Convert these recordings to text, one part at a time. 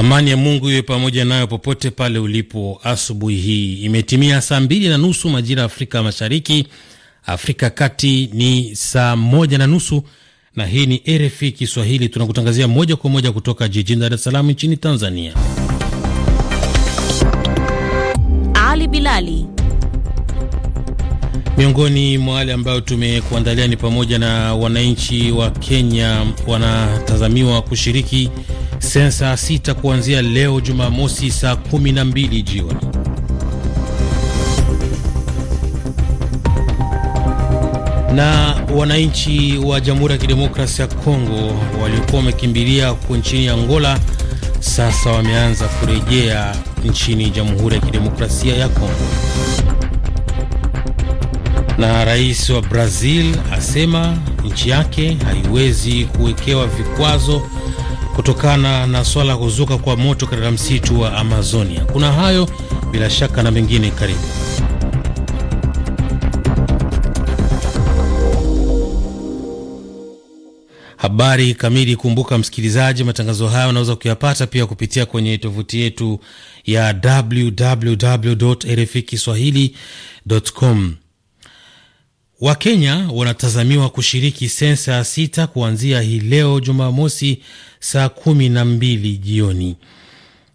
Amani ya Mungu iwe pamoja nayo popote pale ulipo. Asubuhi hii imetimia saa mbili na nusu majira ya Afrika Mashariki, Afrika Kati ni saa moja na nusu na hii ni RFI Kiswahili, tunakutangazia moja kwa moja kutoka jijini Dar es Salaam nchini Tanzania. Ali Bilali. Miongoni mwa wale ambayo tumekuandalia ni pamoja na wananchi wa Kenya wanatazamiwa kushiriki sensa sita kuanzia leo Jumamosi saa 12 jioni. Na wananchi wa Jamhuri ya Kidemokrasia ya Kongo waliokuwa wamekimbilia huko nchini Angola sasa wameanza kurejea nchini Jamhuri ya Kidemokrasia ya Kongo na rais wa Brazil asema nchi yake haiwezi kuwekewa vikwazo kutokana na swala kuzuka kwa moto katika msitu wa Amazonia. Kuna hayo bila shaka na mengine, karibu Habari kamili. Kumbuka msikilizaji, matangazo haya unaweza kuyapata pia kupitia kwenye tovuti yetu ya www.rfikiswahili.com. Wakenya wanatazamiwa kushiriki sensa ya sita kuanzia hii leo Jumamosi saa kumi na mbili jioni.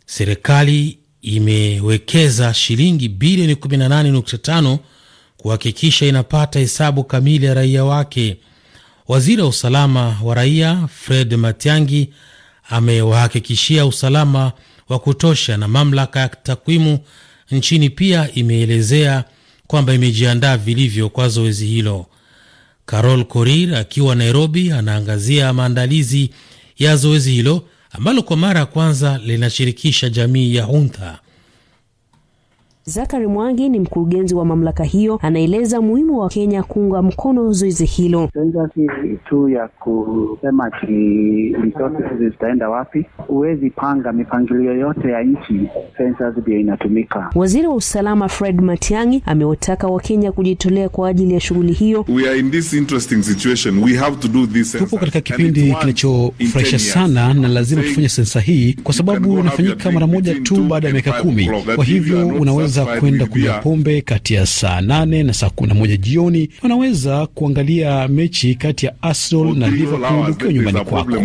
Serikali imewekeza shilingi bilioni 18.5 kuhakikisha inapata hesabu kamili ya raia wake. Waziri wa usalama wa raia Fred Matiangi amewahakikishia usalama wa kutosha, na mamlaka ya takwimu nchini pia imeelezea kwamba imejiandaa vilivyo kwa zoezi hilo. Carol Korir akiwa Nairobi anaangazia maandalizi ya zoezi hilo ambalo kwa mara ya kwanza linashirikisha jamii ya hunta Zakari Mwangi ni mkurugenzi wa mamlaka hiyo, anaeleza muhimu wa Kenya kuunga mkono zoezi hilo. tu ya kusema ati resources zitaenda wapi, huwezi panga mipangilio yote ya nchi, sensa ndio inatumika. Waziri wa usalama Fred Matiang'i amewataka Wakenya kujitolea kwa ajili ya shughuli hiyo. We are in this interesting situation, we have to do this. Tupo katika kipindi kinachofurahisha sana na lazima tufanye sensa hii kwa sababu inafanyika mara moja tu baada ya miaka kumi, kwa hivyo unaweza wanaweza kwenda kunywa pombe kati ya saa nane na saa kumi na moja jioni wanaweza kuangalia mechi kati ya Arsenal na Liverpool ukiwa nyumbani kwako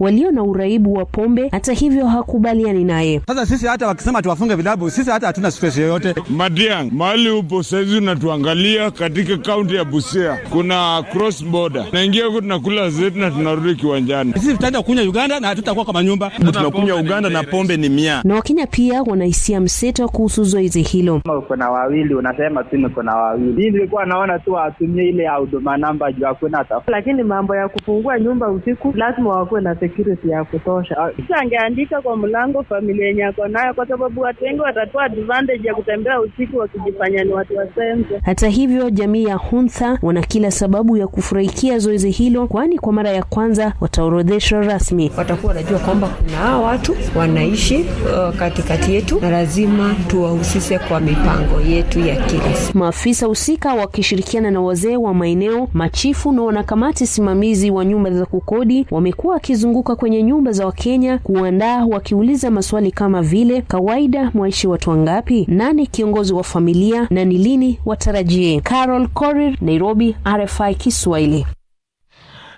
walio na uraibu wa pombe. Hata hivyo hakubaliani naye. Sasa sisi hata wakisema tuwafunge vilabu, sisi hata hatuna stress yoyote. Madiang, mahali upo saizi unatuangalia katika kaunti ya Busia kuna cross border, naingia huko tunakula zetu na tunarudi kiwanjani. Sisi tutaenda kunywa Uganda na hatutakuwa kwa manyumba, tunakunywa Uganda na pombe ni mia. Na Wakenya pia wanahisia mseto kuhusu zoezi hilo. Uko na wawili, unasema tu niko na wawili. Mimi nilikuwa naona tu watumie ile huduma namba juu hakuna, lakini mambo ya kufungua nyumba usiku lazima wakuwe na security ya kutosha. Angeandika kwa mlango familia yenye ako nayo, kwa sababu watu wengi watatoa advantage ya kutembea usiku wakijifanya ni watu wasenze. Hata hivyo, jamii ya Huntha wana kila sababu ya kufurahikia zoezi hilo, kwani kwa mara ya kwanza wataorodheshwa rasmi. Watakuwa wanajua kwamba kuna hao watu wanaishi uh, katikati yetu na lazima tuwahusishe kwa mipango yetu ya kila siku. Maafisa husika wakishirikiana na wazee wa maeneo, machifu na wanakamati simamizi wa nyumba za kukodi wamekuwa wakizungu kuzunguka kwenye nyumba za Wakenya kuandaa wakiuliza maswali kama vile kawaida, mwaishi watu wangapi, nani kiongozi wa familia na ni lini watarajie. Carol Korir, Nairobi, RFI Kiswahili.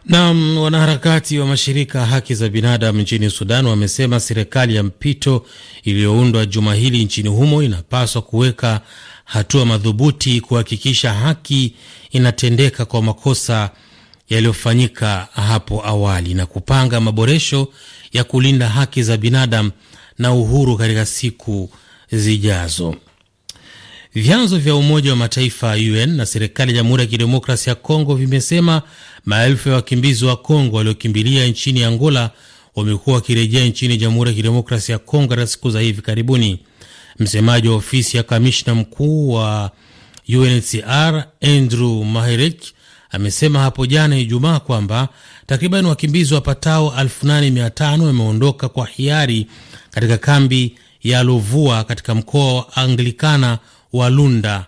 Naam, wanaharakati wa mashirika haki za binadamu nchini Sudan wamesema serikali ya mpito iliyoundwa juma hili nchini humo inapaswa kuweka hatua madhubuti kuhakikisha haki inatendeka kwa makosa yaliyofanyika hapo awali na kupanga maboresho ya kulinda haki za binadamu na uhuru katika siku zijazo. Vyanzo vya Umoja wa Mataifa UN na serikali ya Jamhuri ya Kidemokrasia ya Kongo vimesema maelfu ya wakimbizi wa Kongo waliokimbilia nchini Angola wamekuwa wakirejea nchini Jamhuri ya Kidemokrasia ya Kongo katika siku za hivi karibuni. Msemaji wa ofisi ya kamishna mkuu wa UNHCR Andrew Maherik amesema hapo jana Ijumaa kwamba takriban wakimbizi wapatao 8500 wameondoka kwa hiari katika kambi ya Lovua katika mkoa wa Anglikana wa Lunda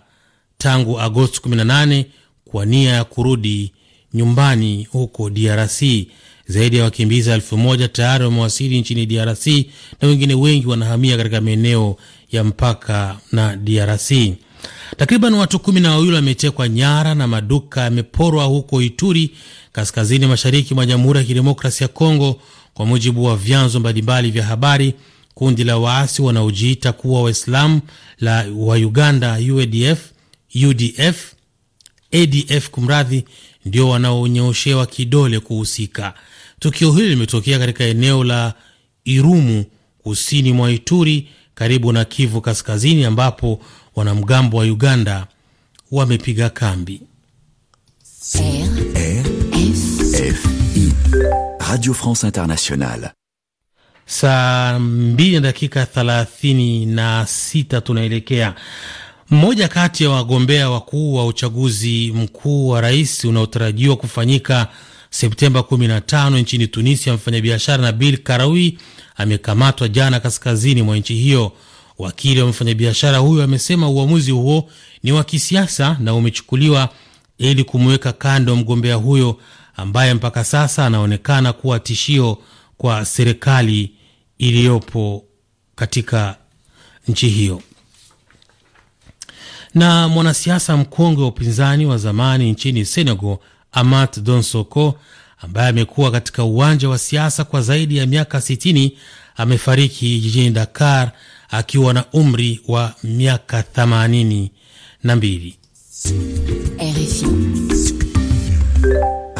tangu Agosti 18 kwa nia ya kurudi nyumbani huko DRC. Zaidi ya wakimbizi elfu moja tayari wamewasili nchini DRC na wengine wengi wanahamia katika maeneo ya mpaka na DRC. Takriban watu kumi na wawili wametekwa nyara na maduka yameporwa huko Ituri, kaskazini mashariki mwa Jamhuri ya Kidemokrasi ya Kongo, kwa mujibu wa vyanzo mbalimbali vya habari. Kundi la waasi wanaojiita kuwa Waislamu la wa Uganda UADF, UDF, ADF kumradhi, ndio wanaonyoshewa kidole kuhusika. Tukio hili limetokea katika eneo la Irumu kusini mwa Ituri karibu na Kivu Kaskazini ambapo wanamgambo wa Uganda wamepiga kambi. RFI Radio France Internationale. Saa mbili na dakika thelathini na sita tunaelekea. Mmoja kati ya wagombea wakuu wa uchaguzi mkuu wa rais unaotarajiwa kufanyika Septemba 15 nchini Tunisia, mfanyabiashara Nabil Karawi amekamatwa jana kaskazini mwa nchi hiyo. Wakili wa mfanyabiashara huyo amesema uamuzi huo ni wa kisiasa na umechukuliwa ili kumweka kando mgombea huyo ambaye mpaka sasa anaonekana kuwa tishio kwa serikali iliyopo katika nchi hiyo. Na mwanasiasa mkongwe wa upinzani wa zamani nchini Senegal, Amat Soko, ambaye amekuwa katika uwanja wa siasa kwa zaidi ya miaka 60 amefariki jijini Dakar akiwa na umri wa miaka 82.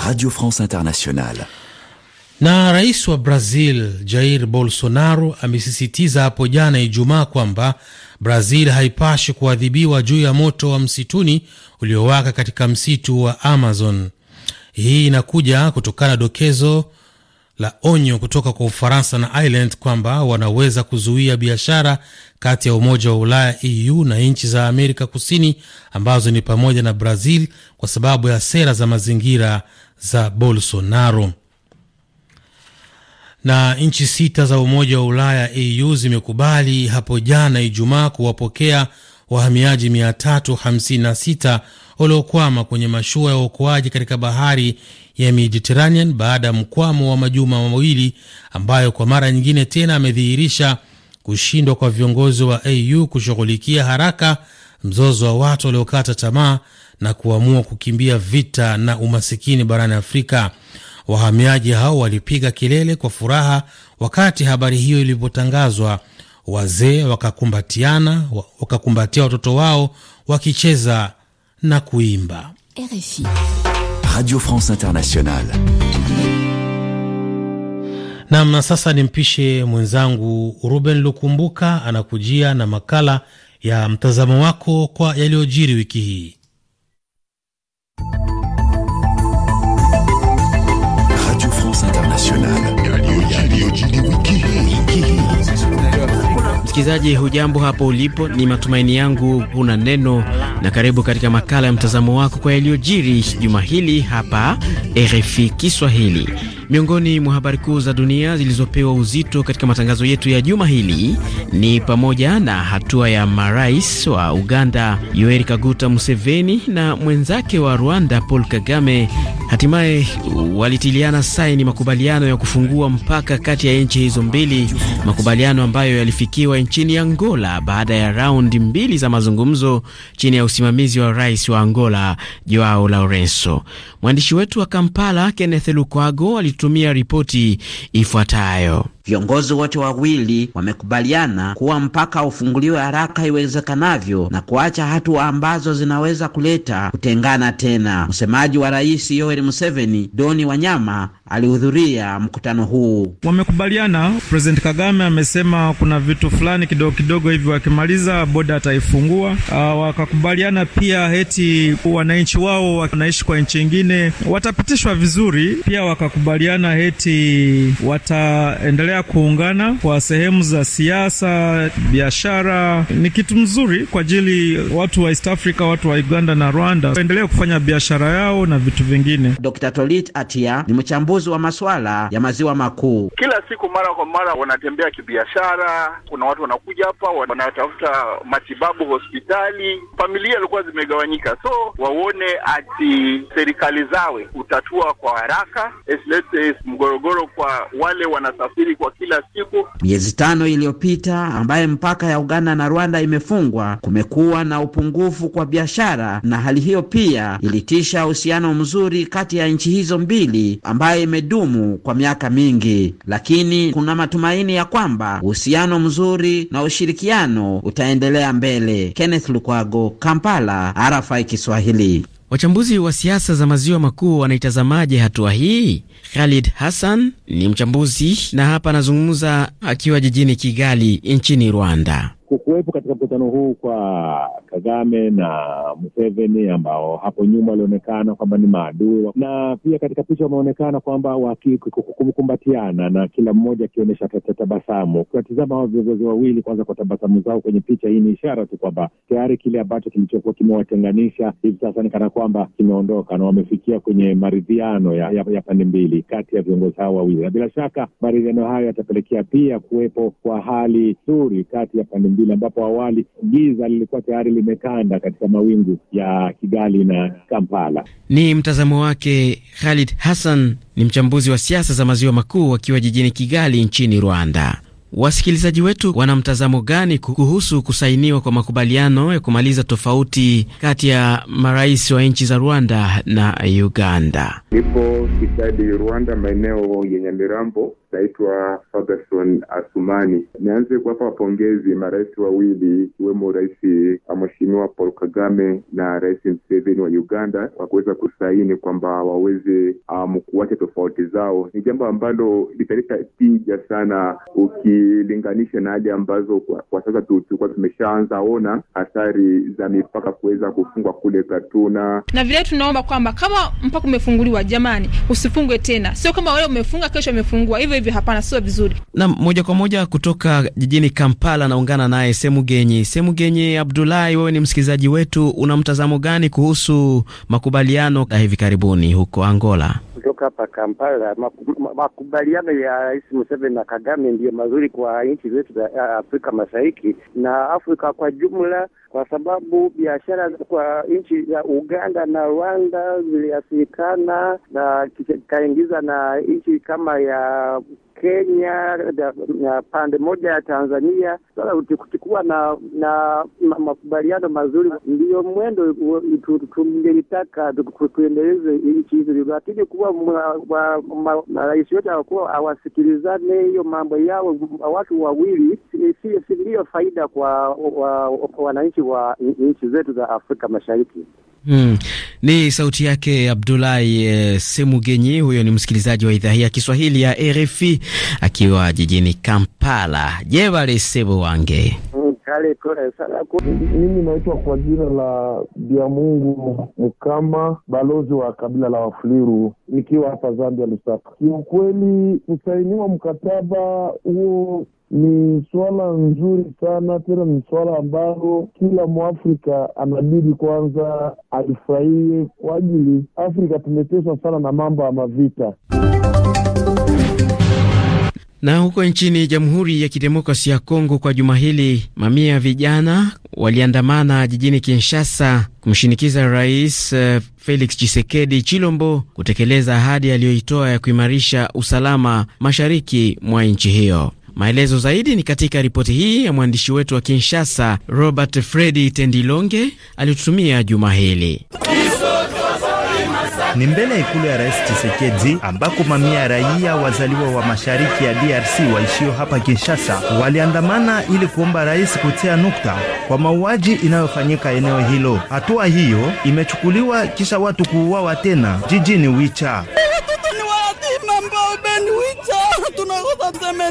Radio France Internationale. Na rais wa Brazil Jair Bolsonaro amesisitiza hapo jana Ijumaa kwamba Brazil haipashi kuadhibiwa juu ya moto wa msituni uliowaka katika msitu wa Amazon. Hii inakuja kutokana na dokezo la onyo kutoka kwa Ufaransa na Ireland kwamba wanaweza kuzuia biashara kati ya Umoja wa Ulaya EU na nchi za Amerika Kusini ambazo ni pamoja na Brazil kwa sababu ya sera za mazingira za Bolsonaro. Na nchi sita za Umoja wa Ulaya EU zimekubali hapo jana Ijumaa kuwapokea wahamiaji 356 waliokwama kwenye mashua ya uokoaji katika bahari ya Mediterranean baada ya mkwamo wa majuma mawili ambayo kwa mara nyingine tena amedhihirisha kushindwa kwa viongozi wa AU kushughulikia haraka mzozo wa watu waliokata tamaa na kuamua kukimbia vita na umasikini barani Afrika. Wahamiaji hao walipiga kelele kwa furaha wakati habari hiyo ilipotangazwa. Wazee wakakumbatiana, wakakumbatia watoto wao wakicheza na kuimba. RFI. Radio France Internationale. Nam, na sasa nimpishe mwenzangu Ruben Lukumbuka anakujia na makala ya mtazamo wako kwa yaliyojiri wiki hii. Radio France Internationale. Msikilizaji hujambo hapo ulipo, ni matumaini yangu huna neno, na karibu katika makala ya mtazamo wako kwa yaliyojiri juma hili hapa RFI Kiswahili. Miongoni mwa habari kuu za dunia zilizopewa uzito katika matangazo yetu ya juma hili ni pamoja na hatua ya marais wa Uganda Yoweri Kaguta Museveni na mwenzake wa Rwanda Paul Kagame hatimaye walitiliana saini makubaliano ya kufungua mpaka kati ya nchi hizo mbili, makubaliano ambayo yalifikiwa nchini Angola baada ya raundi mbili za mazungumzo chini ya usimamizi wa rais wa Angola Joao Lourenco. Mwandishi wetu wa Kampala Kenneth Lukwago alitutumia ripoti ifuatayo. Viongozi wote wawili wamekubaliana kuwa mpaka ufunguliwe haraka iwezekanavyo na kuacha hatua ambazo zinaweza kuleta kutengana tena. Msemaji wa Rais Yoweri Museveni, Doni Wanyama, alihudhuria mkutano huu. Wamekubaliana, President Kagame amesema kuna vitu fulani kidogo kidogo hivi, wakimaliza boda ataifungua. Ah, wakakubaliana pia heti wananchi wao wanaishi kwa nchi ingine watapitishwa vizuri. Pia wakakubaliana heti wataendelea kuendelea kuungana kwa sehemu za siasa, biashara ni kitu mzuri kwa ajili watu wa East Africa, watu wa Uganda na Rwanda waendelee kufanya biashara yao na vitu vingine. Dr. Tolit Atia ni mchambuzi wa masuala ya maziwa makuu. Kila siku mara kwa mara wanatembea kibiashara, kuna watu wanakuja hapa wanatafuta matibabu hospitali, familia ilikuwa zimegawanyika, so waone ati serikali zawe utatua kwa haraka mgorogoro kwa wale wanasafiri kwa kwa kila siku. Miezi tano iliyopita ambaye mpaka ya Uganda na Rwanda imefungwa, kumekuwa na upungufu kwa biashara, na hali hiyo pia ilitisha uhusiano mzuri kati ya nchi hizo mbili ambayo imedumu kwa miaka mingi, lakini kuna matumaini ya kwamba uhusiano mzuri na ushirikiano utaendelea mbele. Kenneth Lukwago, Kampala, RFI Kiswahili. Wachambuzi wa siasa za maziwa makuu wanaitazamaje hatua hii? Khalid Hassan ni mchambuzi na hapa anazungumza akiwa jijini Kigali nchini Rwanda kukuwepo katika mkutano huu kwa Kagame na Museveni ambao hapo nyuma walionekana kwamba ni maadui, na pia katika picha wameonekana kwamba wakikumbatiana na kila mmoja akionyesha tabasamu. Ukiwatizama hao viongozi wawili kwanza kwa tabasamu zao kwenye picha hii, ni ishara tu kwamba tayari kile ambacho kilichokuwa kimewatenganisha hivi sasa ni kana kwamba kimeondoka na wamefikia kwenye maridhiano ya, ya, ya pande mbili kati ya viongozi hao wawili, na bila shaka maridhiano hayo yatapelekea pia kuwepo kwa hali nzuri kati ya pande mbili ambapo awali giza lilikuwa tayari limetanda katika mawingu ya Kigali na Kampala. Ni mtazamo wake Khalid Hassan, ni mchambuzi wa siasa za maziwa makuu akiwa jijini Kigali nchini Rwanda. Wasikilizaji wetu wana mtazamo gani kuhusu kusainiwa kwa makubaliano ya kumaliza tofauti kati ya marais wa nchi za Rwanda na Uganda? Ipo itikadi Rwanda maeneo yenye mirambo Naitwa Faberson Asumani. Nianze kuwapa wapongezi marais wawili ikiwemo Rais ah, Mheshimiwa Paul Kagame na Rais Museveni wa Uganda kwa kuweza kusaini kwamba waweze um, kuacha tofauti zao. Ni jambo ambalo litaleta tija sana ukilinganisha na hali ambazo kwa, kwa sasa tulikuwa tumeshaanza ona hatari za mipaka kuweza kufungwa kule Katuna, na vile tunaomba kwamba kama mpaka umefunguliwa, jamani, usifungwe tena, sio kama wewe umefunga kesho amefungua hivyo hivyo hapana, sio vizuri. Na moja kwa moja kutoka jijini Kampala naungana naye Semu genyi Abdulahi, wewe ni msikilizaji wetu, una mtazamo gani kuhusu makubaliano ya hivi karibuni huko Angola? Kutoka hapa Kampala, makubaliano ya Rais Museveni na Kagame ndiyo mazuri kwa nchi zetu za Afrika Mashariki na Afrika kwa jumla, kwa sababu biashara kwa nchi za Uganda na Rwanda ziliathirikana na kikaingiza na nchi kama ya Kenya na pande moja ya Tanzania. Sasa tukikuwa na na makubaliano mazuri, ndiyo mwendo tungelitaka tuendeleze nchi hizo, lakini kuwa rais yote hawakuwa hawasikilizane hiyo mambo yao watu wawili, siyo faida kwa wananchi wa nchi zetu za Afrika Mashariki. Hmm. Ni sauti yake Abdulahi eh, Semugenyi. Huyo ni msikilizaji wa idhaa hii ya Kiswahili ya RFI akiwa jijini Kampala. Jebale Sebo wange mimi naitwa kwa jina la Biamungu Mkama, balozi wa kabila la Wafuliru, nikiwa hapa Zambia, Lusaka. Kiukweli, kusainiwa mkataba huo ni swala nzuri sana tena, ni swala ambalo kila mwafrika anabidi kwanza alifurahie, kwa ajili Afrika tumeteswa sana na mambo ya mavita. Na huko nchini Jamhuri ya Kidemokrasia ya Kongo, kwa juma hili mamia ya vijana waliandamana jijini Kinshasa kumshinikiza Rais eh, Felix Chisekedi Chilombo kutekeleza ahadi aliyoitoa ya kuimarisha usalama mashariki mwa nchi hiyo. Maelezo zaidi ni katika ripoti hii ya mwandishi wetu wa Kinshasa Robert Fredi Tendilonge aliyotutumia juma hili ni mbele ya ikulu ya Rais chisekedi ambako mamia ya raia wazaliwa wa mashariki ya DRC waishio hapa Kinshasa waliandamana ili kuomba rais kutia nukta kwa mauaji inayofanyika eneo hilo. Hatua hiyo imechukuliwa kisha watu kuuawa tena jijini Wicha. tunakosa tuseme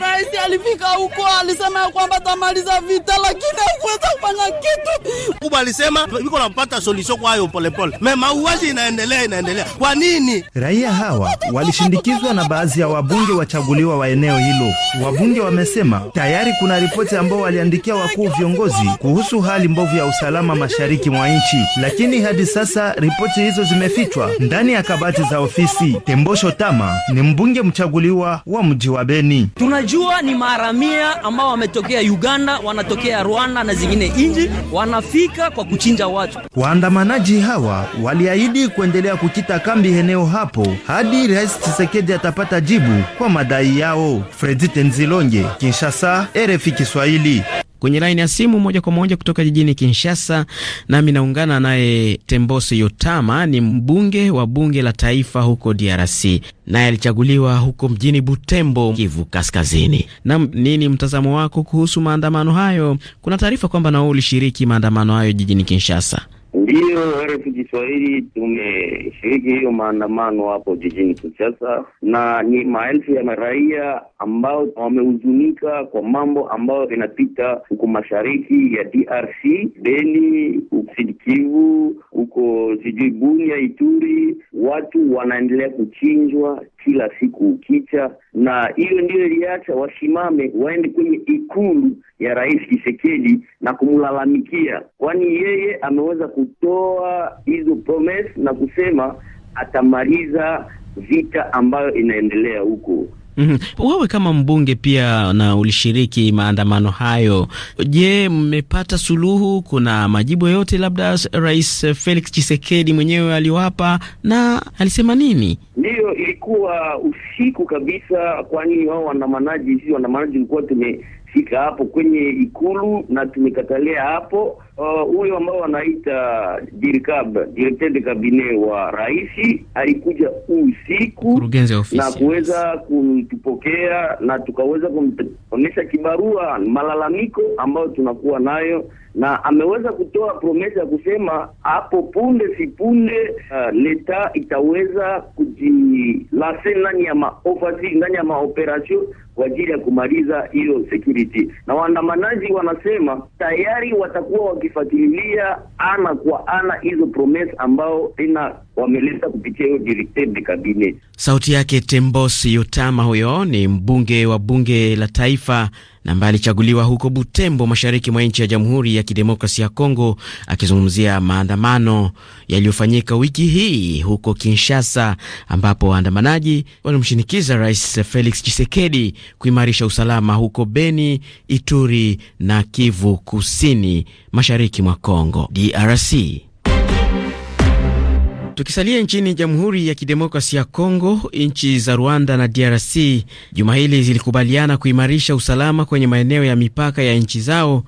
Rais alifika huko alisema kwamba tamaliza vita, lakini hakuweza kufanya kitu. alisema napata kwa hayo polepole, me mauaji inaendelea inaendelea. Kwa nini? Raia hawa walishindikizwa na baadhi ya wabunge wachaguliwa wa eneo hilo. Wabunge wamesema tayari kuna ripoti ambao waliandikia wakuu viongozi kuhusu hali mbovu ya usalama mashariki mwa nchi, lakini hadi sasa ripoti hizo zimefichwa ndani ya kabati za ofisi. Tembosho Tama ni mbunge mchaguliwa wa mji wa Beni. Tunajua ni maharamia ambao wametokea Uganda, wanatokea Rwanda na zingine nchi, wanafika kwa kuchinja watu. Waandamanaji hawa waliahidi kuendelea kukita kambi eneo hapo hadi Rais Tshisekedi atapata jibu kwa madai yao. Fredi Tenzilonge, Kinshasa, RFI Kiswahili kwenye laini ya simu moja kwa moja kutoka jijini Kinshasa, nami naungana naye Tembose Yotama, ni mbunge wa bunge la taifa huko DRC, naye alichaguliwa huko mjini Butembo, Kivu Kaskazini. Na nini mtazamo wako kuhusu maandamano hayo? Kuna taarifa kwamba nao ulishiriki maandamano hayo jijini Kinshasa. Ndiyo, RF Kiswahili tumeshiriki hiyo maandamano hapo jijini Kinshasa, na ni maelfu ya raia ambao wamehuzunika kwa mambo ambayo inapita huko mashariki ya DRC, Beni, Sud-Kivu, huko sijui Bunia, Ituri, watu wanaendelea kuchinjwa kila siku ukicha, na hiyo ndiyo iliacha wasimame waende kwenye ikulu ya Rais Kisekedi na kumlalamikia, kwani yeye ameweza kutoa hizo promise na kusema atamaliza vita ambayo inaendelea huko. Mm -hmm. Wewe kama mbunge pia na ulishiriki maandamano hayo, je, mmepata suluhu? Kuna majibu yote labda Rais Felix Tshisekedi mwenyewe aliwapa na alisema nini? Ndiyo, ilikuwa usiku kabisa, kwani wao waandamanaji, sisi waandamanaji tulikuwa tumefika hapo kwenye ikulu na tumekatalia hapo Uh, huyo uh, ambao anaita dirkab directeur de cabinet wa rais alikuja usiku na kuweza kutupokea na tukaweza kumonyesha kibarua malalamiko ambayo tunakuwa nayo na ameweza kutoa promesa ya kusema hapo punde si punde, uh, leta itaweza kujilase ndani ya maofasi ndani ya maoperation kwa ajili ya kumaliza hiyo security. Na waandamanaji wanasema tayari watakuwa wakifuatilia ana kwa ana hizo promesa ambao tena wameleta kupitia hiyo directive de cabinet. Sauti yake Tembosi yotama huyo ni mbunge wa bunge la taifa na ambaye alichaguliwa huko Butembo, mashariki mwa nchi ya Jamhuri ya Kidemokrasia ya Kongo, akizungumzia maandamano yaliyofanyika wiki hii huko Kinshasa, ambapo waandamanaji walimshinikiza Rais Felix Tshisekedi kuimarisha usalama huko Beni, Ituri na Kivu Kusini, mashariki mwa Kongo DRC. Tukisalia nchini Jamhuri ya Kidemokrasi ya Kongo, nchi za Rwanda na DRC juma hili zilikubaliana kuimarisha usalama kwenye maeneo ya mipaka ya nchi zao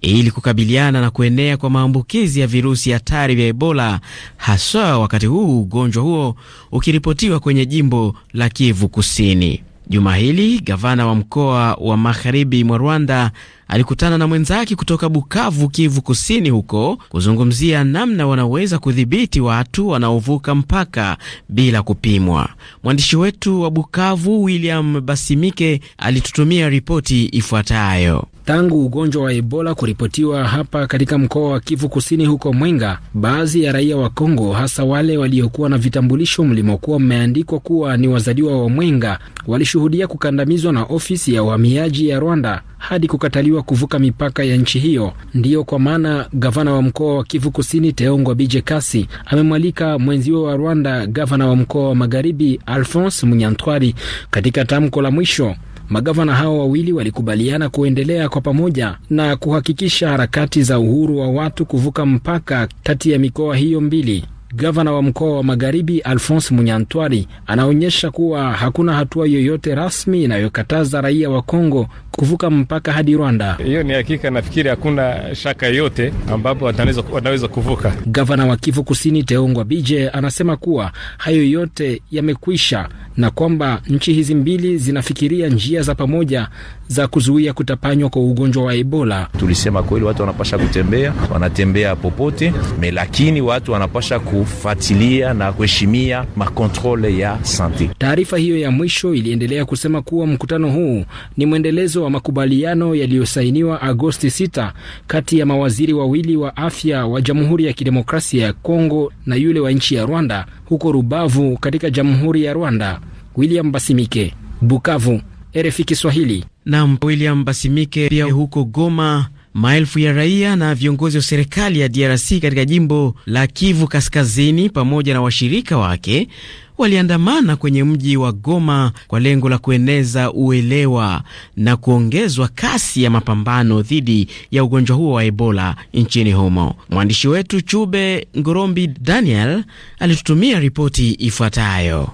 ili kukabiliana na kuenea kwa maambukizi ya virusi hatari vya Ebola, haswa wakati huu ugonjwa huo ukiripotiwa kwenye jimbo la Kivu Kusini. Juma hili gavana wa mkoa wa magharibi mwa Rwanda alikutana na mwenzake kutoka Bukavu, Kivu Kusini, huko kuzungumzia namna wanaweza kudhibiti watu wanaovuka mpaka bila kupimwa. Mwandishi wetu wa Bukavu, William Basimike, alitutumia ripoti ifuatayo. Tangu ugonjwa wa Ebola kuripotiwa hapa katika mkoa wa Kivu Kusini huko Mwenga, baadhi ya raia wa Kongo, hasa wale waliokuwa na vitambulisho mlimokuwa mmeandikwa kuwa ni wazaliwa wa Mwenga, walishuhudia kukandamizwa na ofisi ya uhamiaji ya Rwanda hadi kukataliwa kuvuka mipaka ya nchi hiyo. Ndiyo kwa maana gavana wa mkoa wa Kivu Kusini Teongwa Bije Kasi amemwalika mwenziwe wa Rwanda, gavana wa mkoa wa Magharibi Alphonse Munyantwari katika tamko la mwisho magavana hao wawili walikubaliana kuendelea kwa pamoja na kuhakikisha harakati za uhuru wa watu kuvuka mpaka kati ya mikoa hiyo mbili. Gavana wa mkoa wa Magharibi Alphonse Munyantwari anaonyesha kuwa hakuna hatua yoyote rasmi inayokataza raia wa Kongo kuvuka mpaka hadi Rwanda. Hiyo ni hakika, nafikiri hakuna shaka yoyote ambapo wanaweza, kuvuka. Gavana wa Kivu Kusini Teongwa Bije anasema kuwa hayo yote yamekwisha na kwamba nchi hizi mbili zinafikiria njia za pamoja za kuzuia kutapanywa kwa ugonjwa wa Ebola. Tulisema kweli, watu wanapasha kutembea, wanatembea popote lakini watu wanapasha ku kufuatilia na kuheshimia makontrole ya sante. Taarifa hiyo ya mwisho iliendelea kusema kuwa mkutano huu ni mwendelezo wa makubaliano yaliyosainiwa Agosti 6 kati ya mawaziri wawili wa afya wa Jamhuri ya Kidemokrasia ya Kongo na yule wa nchi ya Rwanda huko Rubavu katika Jamhuri ya Rwanda. William Basimike, Bukavu, RFI Kiswahili. Naam, William Basimike pia huko Goma Maelfu ya raia na viongozi wa serikali ya DRC katika jimbo la Kivu Kaskazini pamoja na washirika wake waliandamana kwenye mji wa Goma kwa lengo la kueneza uelewa na kuongezwa kasi ya mapambano dhidi ya ugonjwa huo wa Ebola nchini humo. Mwandishi wetu Chube Ngorombi Daniel alitutumia ripoti ifuatayo.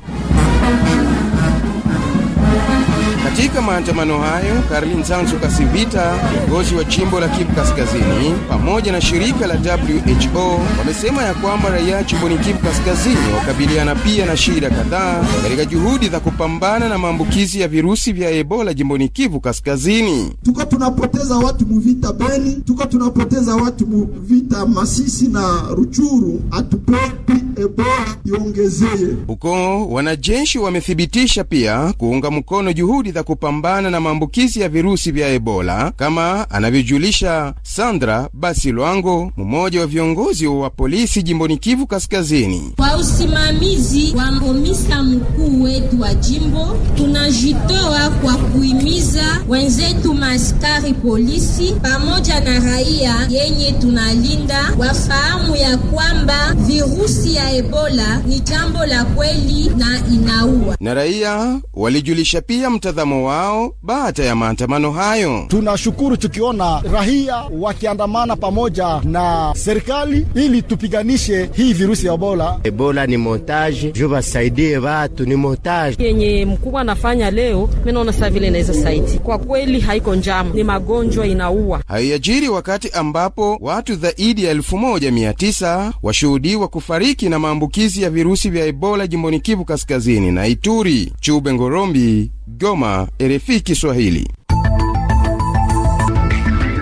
Katika maandamano hayo, Karlin Sansu Kasivita, kiongozi wa jimbo la Kivu Kaskazini, pamoja na shirika la WHO wamesema ya kwamba raia jimboni Kivu Kaskazini wakabiliana pia na shida kadhaa katika juhudi za kupambana na maambukizi ya virusi vya Ebola jimboni Kivu Kaskazini. Tuko tunapoteza watu muvita Beni, tuko tunapoteza watu muvita Masisi na Ruchuru, atupepi Ebola iongezeye. Huko wanajeshi wamethibitisha pia kuunga mkono juhudi za kupambana na maambukizi ya virusi vya Ebola, kama anavyojulisha Sandra Basi Lwango, mmoja wa viongozi wa polisi jimboni Kivu Kaskazini. Kwa usimamizi wa omisa mkuu wetu wa jimbo, tunajitoa kwa kuimiza wenzetu maaskari polisi pamoja na raia yenye tunalinda wafahamu ya kwamba virusi ya Ebola ni jambo la kweli na inaua, na raia walijulisha pia mtazamo mtazamo wao baada ya maandamano hayo. Tunashukuru tukiona rahia wakiandamana pamoja na serikali ili tupiganishe hii virusi ya Ebola. Ebola ni montaji ju basaidie watu, ni montage yenye mkubwa anafanya leo. Mimi naona saa vile inaweza saidi, kwa kweli haiko njama, ni magonjwa inaua. Haiajiri wakati ambapo watu zaidi ya elfu moja mia tisa washuhudiwa kufariki na maambukizi ya virusi vya Ebola jimboni Kivu Kaskazini na Ituri. Chube Ngorombi, Goma, RFI Kiswahili.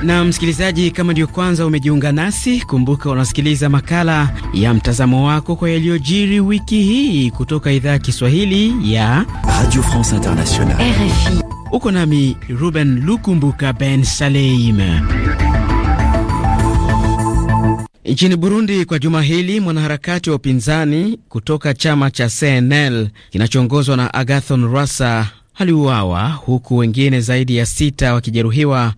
Na msikilizaji, kama ndiyo kwanza umejiunga nasi, kumbuka unasikiliza makala ya mtazamo wako kwa yaliyojiri wiki hii kutoka idhaa ya Kiswahili ya Radio France Internationale, RFI. Uko nami Ruben Lukumbuka Ben Saleim. Nchini Burundi kwa juma hili, mwanaharakati wa upinzani kutoka chama cha CNL kinachoongozwa na Agathon Rwasa aliuawa huku wengine zaidi ya sita wakijeruhiwa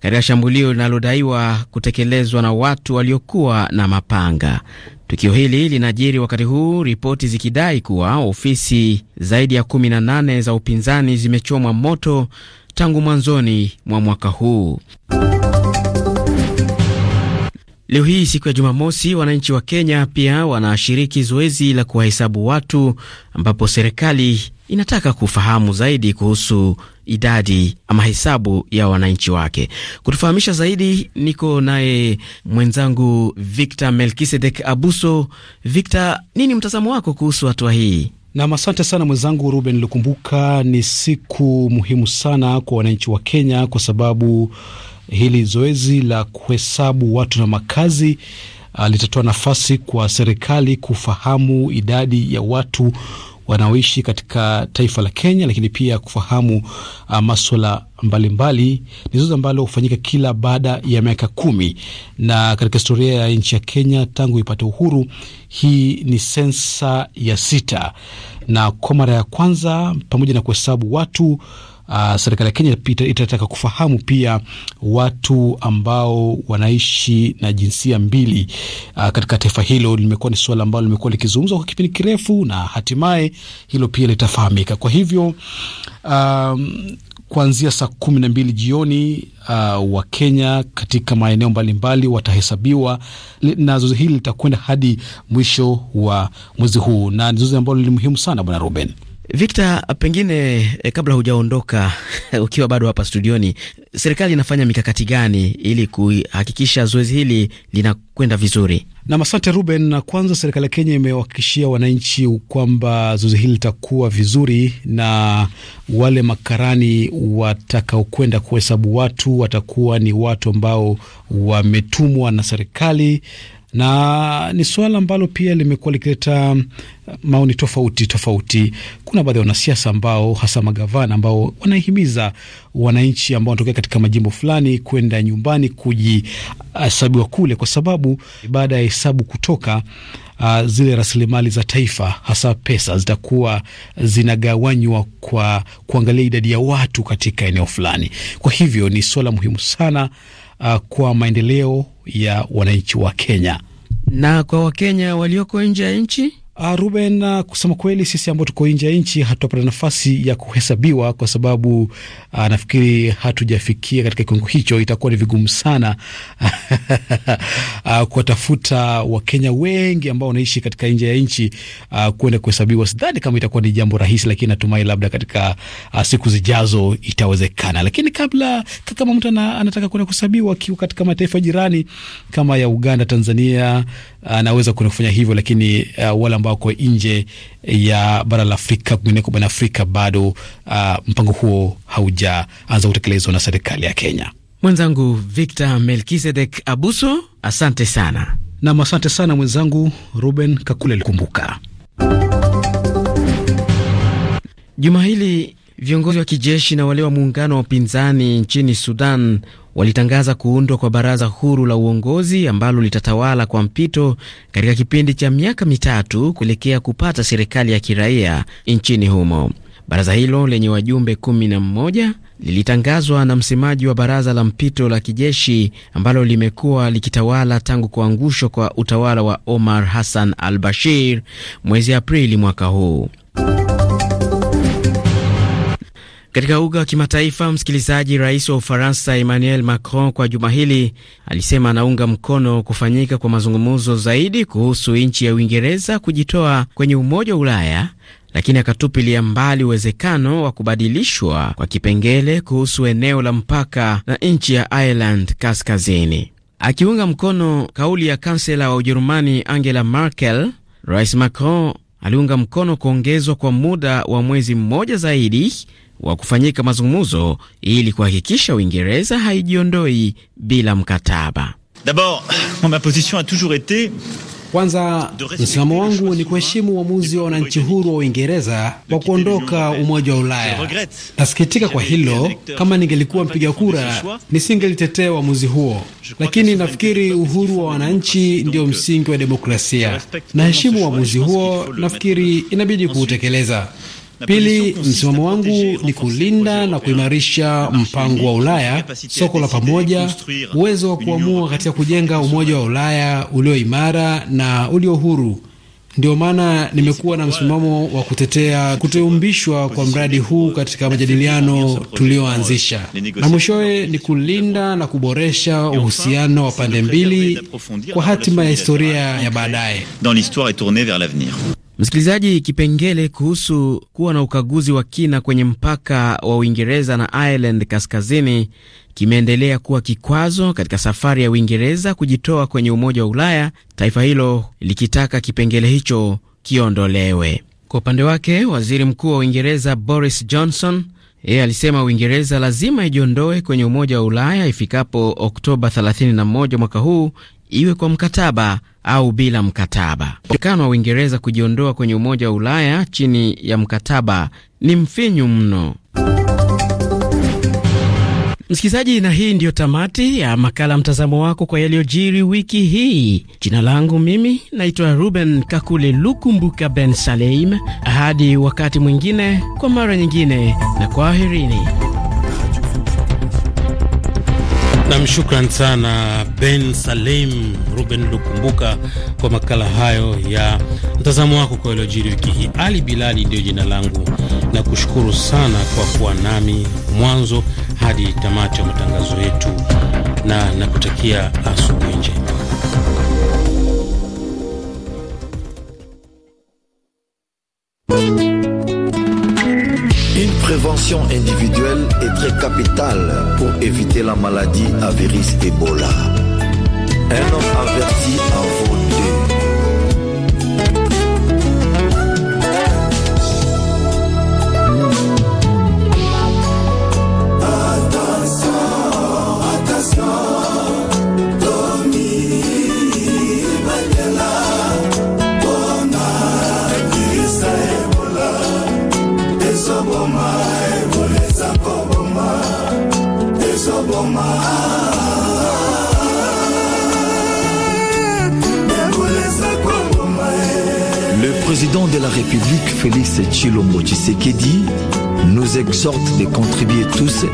katika shambulio linalodaiwa kutekelezwa na watu waliokuwa na mapanga. Tukio hili linajiri wakati huu ripoti zikidai kuwa ofisi zaidi ya 18 za upinzani zimechomwa moto tangu mwanzoni mwa mwaka huu. Leo hii siku ya Jumamosi, wananchi wa Kenya pia wanashiriki zoezi la kuwahesabu watu ambapo serikali inataka kufahamu zaidi kuhusu idadi ama hesabu ya wananchi wake. Kutufahamisha zaidi, niko naye mwenzangu Victor Melkisedek Abuso. Victor, nini mtazamo wako kuhusu hatua hii? Nam, asante sana mwenzangu Ruben Lukumbuka. Ni siku muhimu sana kwa wananchi wa Kenya kwa sababu hili zoezi la kuhesabu watu na makazi ah, litatoa nafasi kwa serikali kufahamu idadi ya watu wanaoishi katika taifa la Kenya, lakini pia kufahamu uh, maswala mbalimbali. Ni zoezi ambalo hufanyika kila baada ya miaka kumi, na katika historia ya nchi ya Kenya tangu ipate uhuru, hii ni sensa ya sita, na kwa mara ya kwanza pamoja na kuhesabu watu uh, serikali ya Kenya itataka kufahamu pia watu ambao wanaishi na jinsia mbili uh, katika taifa hilo. Limekuwa ni suala ambalo limekuwa likizungumzwa kwa kipindi kirefu, na hatimaye hilo pia litafahamika. Kwa hivyo um, kuanzia saa kumi na mbili jioni uh, ah, Wakenya katika maeneo mbalimbali watahesabiwa, na zoezi hili litakwenda hadi mwisho wa mwezi huu, na ni zoezi ambalo ni muhimu sana, Bwana Ruben. Victor, pengine eh, kabla hujaondoka ukiwa bado hapa studioni, serikali inafanya mikakati gani ili kuhakikisha zoezi hili linakwenda vizuri? Nam, asante Ruben. Na kwanza serikali ya Kenya imewahakikishia wananchi kwamba zoezi hili litakuwa vizuri, na wale makarani watakaokwenda kuhesabu watu watakuwa ni watu ambao wametumwa na serikali na ni suala ambalo pia limekuwa likileta eh, maoni tofauti tofauti. Kuna baadhi ya wanasiasa ambao, hasa magavana, ambao wanahimiza wananchi ambao wanatokea katika majimbo fulani kwenda nyumbani kujihesabiwa kule, kwa sababu baada ya hesabu kutoka Uh, zile rasilimali za taifa hasa pesa zitakuwa zinagawanywa kwa kuangalia idadi ya watu katika eneo fulani. Kwa hivyo ni swala muhimu sana uh, kwa maendeleo ya wananchi wa Kenya na kwa Wakenya walioko nje ya nchi. Uh, Ruben, uh, kusema kweli sisi ambao tuko nje ya nchi hatupata nafasi ya kuhesabiwa kwa sababu uh, nafikiri hatujafikia katika kiwango hicho. Itakuwa ni vigumu sana uh, kuwatafuta Wakenya wengi ambao wanaishi katika nje ya nchi uh, kwenda kuhesabiwa. Sidhani kama itakuwa ni jambo rahisi, lakini natumai labda katika uh, siku zijazo itawezekana. Lakini kabla, kama mtu anataka kwenda kuhesabiwa akiwa katika mataifa jirani kama ya Uganda, Tanzania anaweza ah, kufanya hivyo, lakini uh, wale ambao wako nje ya bara la Afrika kwingineko barani Afrika bado uh, mpango huo haujaanza kutekelezwa na serikali ya Kenya. Mwenzangu Victor Melkisedek Abuso, asante sana. Nam, asante sana mwenzangu Ruben Kakule alikumbuka juma hili Viongozi wa kijeshi na wale wa muungano wa upinzani nchini Sudan walitangaza kuundwa kwa baraza huru la uongozi ambalo litatawala kwa mpito katika kipindi cha miaka mitatu kuelekea kupata serikali ya kiraia nchini humo. Baraza hilo lenye wajumbe 11 na lilitangazwa na msemaji wa baraza la mpito la kijeshi ambalo limekuwa likitawala tangu kuangushwa kwa utawala wa Omar Hassan al-Bashir mwezi Aprili mwaka huu. Katika uga wa kimataifa, msikilizaji, rais wa Ufaransa Emmanuel Macron kwa juma hili alisema anaunga mkono kufanyika kwa mazungumzo zaidi kuhusu nchi ya Uingereza kujitoa kwenye Umoja wa Ulaya, lakini akatupilia mbali uwezekano wa kubadilishwa kwa kipengele kuhusu eneo la mpaka na nchi ya Ireland Kaskazini. Akiunga mkono kauli ya kansela wa Ujerumani Angela Merkel, rais Macron aliunga mkono kuongezwa kwa muda wa mwezi mmoja zaidi wa kufanyika mazungumzo ili kuhakikisha Uingereza haijiondoi bila mkataba. Kwanza, msimamo wangu ni kuheshimu uamuzi wa wananchi huru wa Uingereza wa kuondoka Umoja wa Ulaya. Nasikitika kwa hilo. Kama ningelikuwa mpiga kura, nisingelitetea uamuzi huo, lakini nafikiri uhuru wa wananchi ndio msingi wa demokrasia. Naheshimu uamuzi huo, nafikiri inabidi kuutekeleza. Pili, msimamo wangu ni kulinda na kuimarisha mpango wa Ulaya, soko la pamoja, uwezo wa kuamua katika kujenga umoja wa Ulaya ulio imara na ulio huru. Ndio maana nimekuwa na msimamo wa kutetea kuteumbishwa kwa mradi huu katika majadiliano tulioanzisha na mwishowe ni kulinda na kuboresha uhusiano wa pande mbili kwa hatima ya historia ya baadaye. Msikilizaji, kipengele kuhusu kuwa na ukaguzi wa kina kwenye mpaka wa Uingereza na Ireland kaskazini kimeendelea kuwa kikwazo katika safari ya Uingereza kujitoa kwenye Umoja wa Ulaya, taifa hilo likitaka kipengele hicho kiondolewe. Kwa upande wake, waziri mkuu wa Uingereza Boris Johnson yeye alisema Uingereza lazima ijiondoe kwenye Umoja wa Ulaya ifikapo Oktoba 31 mwaka huu iwe kwa mkataba au bila mkataba. Uwezekano wa Uingereza kujiondoa kwenye Umoja wa Ulaya chini ya mkataba ni mfinyu mno. Msikilizaji, na hii ndiyo tamati ya makala mtazamo wako kwa yaliyojiri wiki hii. Jina langu mimi naitwa Ruben Kakule Lukumbuka Ben Saleim. Hadi wakati mwingine, kwa mara nyingine, na kwaherini. Nam, shukran sana Ben Salim Ruben Lukumbuka kwa makala hayo ya mtazamo wako kwa yaliyojiri wiki hii. Ali Bilali ndiyo jina langu na kushukuru sana kwa kuwa nami mwanzo hadi tamati ya matangazo yetu, na nakutakia asubuhi njema. prévention individuelle est très capitale pour éviter la maladie à Ebola. Un homme averti en vaut Chilomotisekedi Tshisekedi nous exhorte de contribuer tous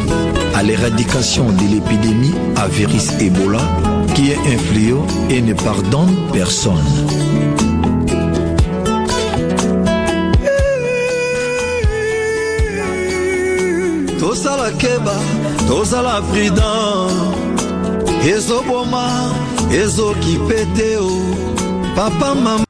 à l'éradication de l'épidémie à virus Ebola qui est un fléau et ne pardonne personne. tozala keba tozala ezoboma ezoki pete papa maman.